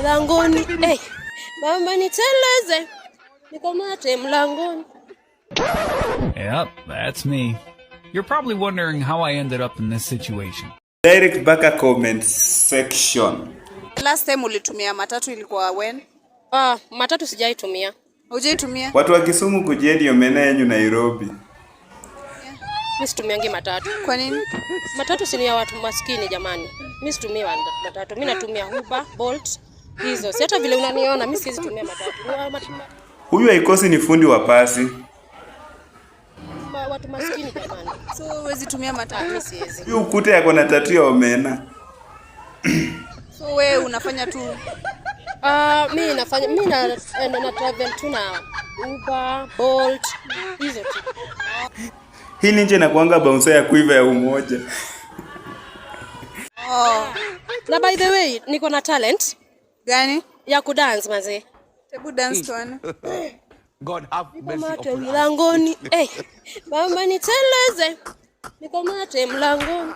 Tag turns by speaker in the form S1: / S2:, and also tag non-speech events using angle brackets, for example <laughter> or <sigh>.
S1: mlangoni. Hey, mama niteleze, nikamate mlangoni.
S2: Yep, that's me. You're probably wondering how I ended up in this situation.
S3: Direct back a comment section.
S4: Last time ulitumia matatu ilikuwa when?
S5: Ah, matatu sijaitumia.
S4: Hujaitumia?
S3: Watu wa Kisumu kujeni omena yenu Nairobi.
S5: Mimi situmiangi matatu. Kwa nini? Matatu si ni ya watu maskini jamani. Mimi situmii matatu. Mimi natumia Uber, Bolt hizo. Si hata vile unaniona mimi siwezi tumia matatu.
S3: Huyu haikosi ni fundi wa pasi.
S5: Ma, watu maskini jamani.
S4: So huwezi tumia matatu, siwezi.
S3: Hiyo ukuta yako na tatu ya omena.
S4: So wewe unafanya tu
S5: Ah, Uh, mimi nafanya mimi na, na, na travel tu na Uber, Bolt hizo tu.
S3: Hii nje kuanga bouncer ya kuiva ya umoja.
S5: Oh. Na by the way, niko na talent. Gani? Ya ku dance mazee.
S4: Hebu dance tuone. <laughs>
S3: God have mercy upon us.
S1: Mlangoni. Eh. Baba niteleze. mate mlangoni.